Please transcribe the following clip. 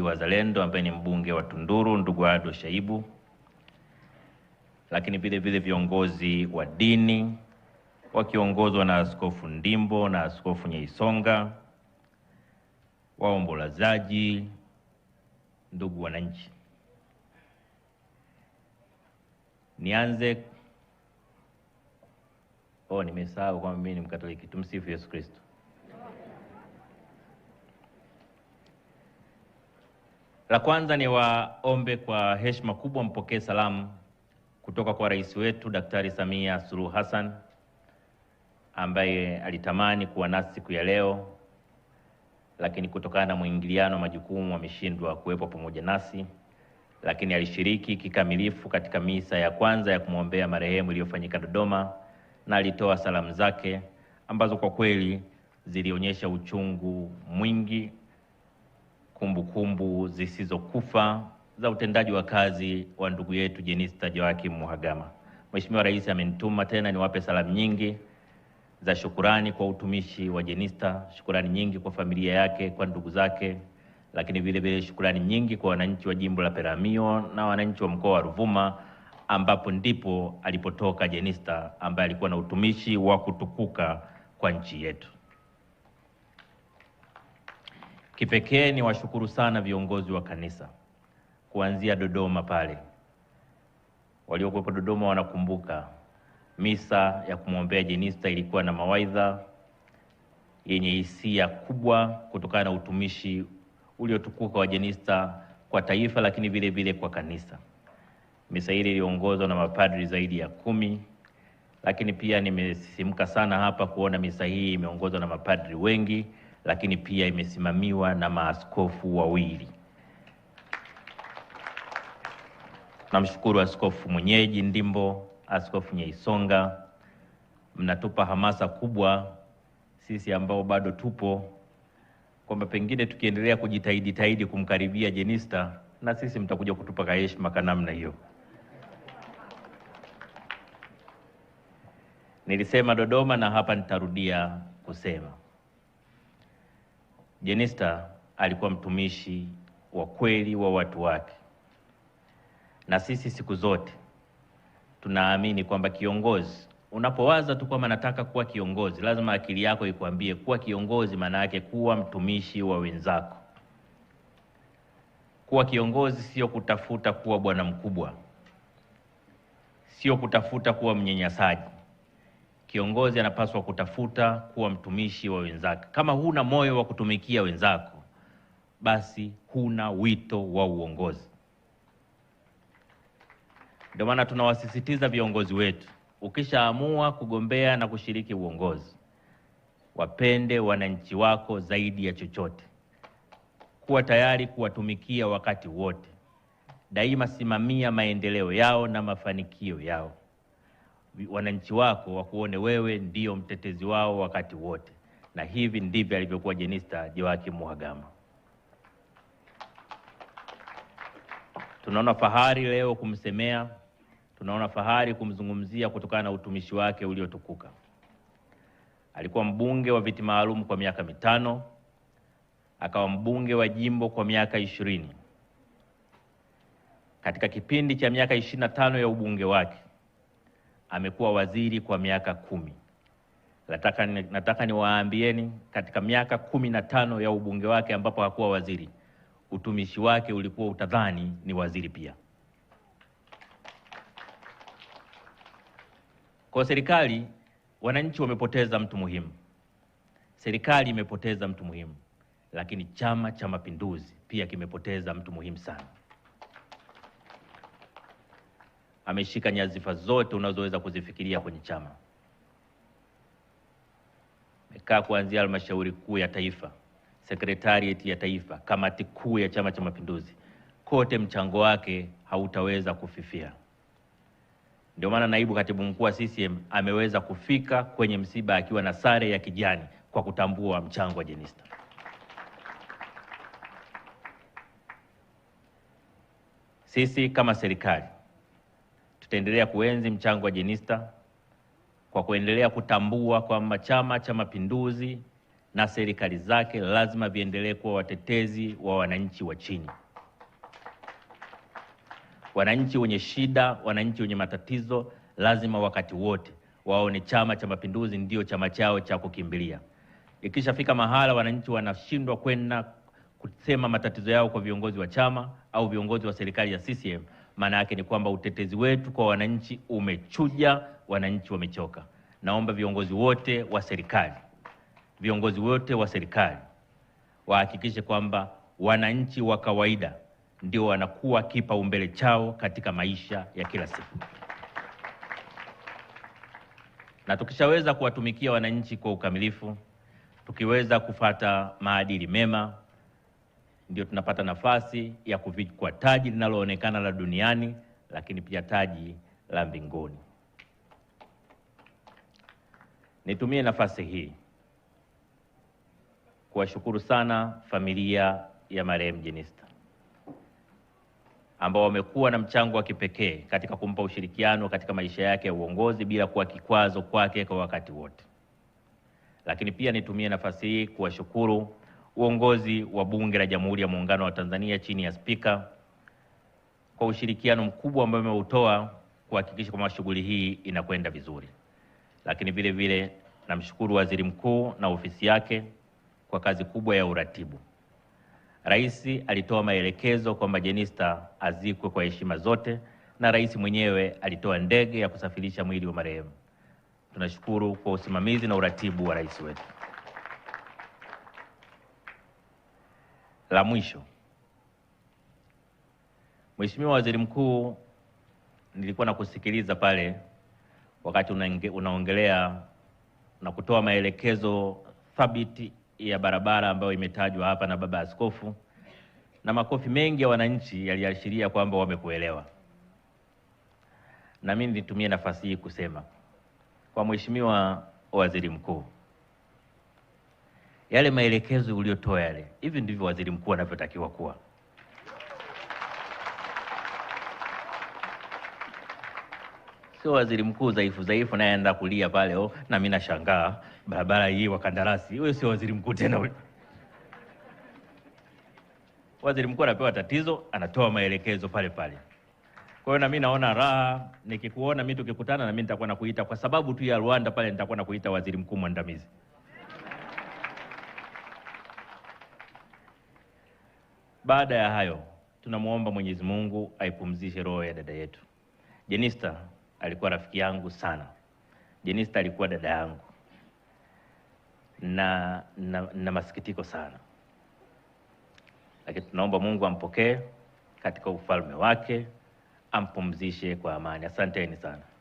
Wazalendo ambaye ni mbunge wa Tunduru ndugu Ado Shaibu, lakini vile vile viongozi wa dini wakiongozwa na Askofu Ndimbo na Askofu Nyeisonga, waombolezaji, ndugu wananchi, nianze oh, nimesahau kwamba mimi ni Mkatoliki. Tumsifu Yesu Kristo. La kwanza ni waombe kwa heshima kubwa mpokee salamu kutoka kwa rais wetu Daktari Samia Suluhu Hassan ambaye alitamani kuwa nasi siku ya leo, lakini kutokana na mwingiliano wa majukumu ameshindwa kuwepo pamoja nasi, lakini alishiriki kikamilifu katika misa ya kwanza ya kumwombea marehemu iliyofanyika Dodoma, na alitoa salamu zake ambazo kwa kweli zilionyesha uchungu mwingi kumbukumbu zisizokufa za utendaji wa kazi wa ndugu yetu Jenista Joakim Mhagama. Mheshimiwa Rais amenituma tena niwape salamu nyingi za shukurani kwa utumishi wa Jenista, shukurani nyingi kwa familia yake, kwa ndugu zake, lakini vile vile shukurani nyingi kwa wananchi wa jimbo la peramio na wananchi wa mkoa wa Ruvuma ambapo ndipo alipotoka Jenista ambaye alikuwa na utumishi wa kutukuka kwa nchi yetu. Kipekee ni washukuru sana viongozi wa kanisa kuanzia Dodoma pale, waliokuwepo Dodoma wanakumbuka misa ya kumwombea Jenista ilikuwa na mawaidha yenye hisia kubwa kutokana na utumishi uliotukuka wa Jenista kwa taifa, lakini vile vile kwa kanisa. Misa ile iliongozwa na mapadri zaidi ya kumi, lakini pia nimesisimka sana hapa kuona misa hii imeongozwa na mapadri wengi lakini pia imesimamiwa na maaskofu wawili. Namshukuru askofu mwenyeji Ndimbo, askofu Nyeisonga, mnatupa hamasa kubwa sisi ambao bado tupo kwamba pengine tukiendelea kujitahidi tahidi kumkaribia Jenista na sisi mtakuja kutupa kaheshima ka namna hiyo. Nilisema Dodoma na hapa nitarudia kusema Jenista alikuwa mtumishi wa kweli wa watu wake, na sisi siku zote tunaamini kwamba kiongozi, unapowaza tu kwamba nataka kuwa kiongozi, lazima akili yako ikwambie kuwa kiongozi maana yake kuwa mtumishi wa wenzako. Kuwa kiongozi sio kutafuta kuwa bwana mkubwa, sio kutafuta kuwa mnyanyasaji kiongozi anapaswa kutafuta kuwa mtumishi wa wenzake. Kama huna moyo wa kutumikia wenzako, basi huna wito wa uongozi. Ndio maana tunawasisitiza viongozi wetu, ukishaamua kugombea na kushiriki uongozi, wapende wananchi wako zaidi ya chochote, kuwa tayari kuwatumikia wakati wote, daima simamia maendeleo yao na mafanikio yao wananchi wako wakuone wewe ndio mtetezi wao wakati wote, na hivi ndivyo alivyokuwa Jenista Joakim Mhagama. Tunaona fahari leo kumsemea, tunaona fahari kumzungumzia kutokana na utumishi wake uliotukuka. Alikuwa mbunge wa viti maalum kwa miaka mitano, akawa mbunge wa jimbo kwa miaka ishirini. Katika kipindi cha miaka ishirini na tano ya ubunge wake amekuwa waziri kwa miaka kumi. Nataka, nataka niwaambieni katika miaka kumi na tano ya ubunge wake ambapo hakuwa waziri, utumishi wake ulikuwa utadhani ni waziri pia. Kwa serikali, wananchi wamepoteza mtu muhimu, serikali imepoteza mtu muhimu, lakini Chama cha Mapinduzi pia kimepoteza mtu muhimu sana ameshika nyazifa zote unazoweza kuzifikiria kwenye chama. Amekaa kuanzia halmashauri kuu ya taifa, sekretarieti ya taifa, kamati kuu ya Chama cha Mapinduzi, kote mchango wake hautaweza kufifia. Ndio maana naibu katibu mkuu wa CCM ameweza kufika kwenye msiba akiwa na sare ya kijani kwa kutambua mchango wa Jenista. Sisi kama serikali Tutaendelea kuenzi mchango wa Jenista kwa kuendelea kutambua kwamba Chama cha Mapinduzi na serikali zake lazima viendelee kuwa watetezi wa wananchi wa chini, wananchi wenye shida, wananchi wenye matatizo. Lazima wakati wote waone Chama cha Mapinduzi ndio chama chao cha kukimbilia. Ikishafika mahala wananchi wanashindwa kwenda kusema matatizo yao kwa viongozi wa chama au viongozi wa serikali ya CCM maana yake ni kwamba utetezi wetu kwa wananchi umechuja, wananchi wamechoka. Naomba viongozi wote wa serikali, viongozi wote wa serikali wahakikishe kwamba wananchi wa kawaida ndio wanakuwa kipaumbele chao katika maisha ya kila siku, na tukishaweza kuwatumikia wananchi kwa ukamilifu, tukiweza kufata maadili mema ndio tunapata nafasi ya kuvikwa taji linaloonekana la duniani, lakini pia taji la mbinguni. Nitumie nafasi hii kuwashukuru sana familia ya marehemu Jenista ambao wamekuwa na mchango wa kipekee katika kumpa ushirikiano katika maisha yake ya uongozi bila kuwa kikwazo kwake kwa wakati wote. Lakini pia nitumie nafasi hii kuwashukuru uongozi wa Bunge la Jamhuri ya Muungano wa Tanzania chini ya Spika kwa ushirikiano mkubwa ambao umeutoa kuhakikisha kwamba shughuli hii inakwenda vizuri, lakini vile vile namshukuru Waziri Mkuu na ofisi yake kwa kazi kubwa ya uratibu. Rais alitoa maelekezo kwamba Jenista azikwe kwa heshima zote na rais mwenyewe alitoa ndege ya kusafirisha mwili wa marehemu. Tunashukuru kwa usimamizi na uratibu wa rais wetu. La mwisho, Mheshimiwa Waziri Mkuu, nilikuwa nakusikiliza pale wakati unaongelea na kutoa maelekezo thabiti ya barabara ambayo imetajwa hapa na Baba Askofu, na makofi mengi ya wananchi yaliashiria kwamba wamekuelewa. Na mimi nitumie nafasi hii kusema kwa Mheshimiwa Waziri Mkuu yale maelekezo uliotoa yale, hivi ndivyo waziri mkuu anavyotakiwa kuwa. Sio waziri mkuu dhaifu dhaifu, naye anaenda kulia pale, oh, na mimi nashangaa barabara hii wakandarasi. Huyo sio waziri mkuu tena huyo. Waziri mkuu anapewa tatizo, anatoa maelekezo pale pale. Kwa hiyo na mimi naona raha nikikuona, mimi tukikutana na mimi nitakuwa nakuita kwa sababu tu ya Rwanda pale, nitakuwa nakuita waziri mkuu mwandamizi. Baada ya hayo, tunamwomba Mwenyezi Mungu aipumzishe roho ya dada yetu. Jenista alikuwa rafiki yangu sana. Jenista alikuwa dada yangu na, na, na masikitiko sana, lakini tunaomba Mungu ampokee katika ufalme wake, ampumzishe kwa amani. Asanteni sana.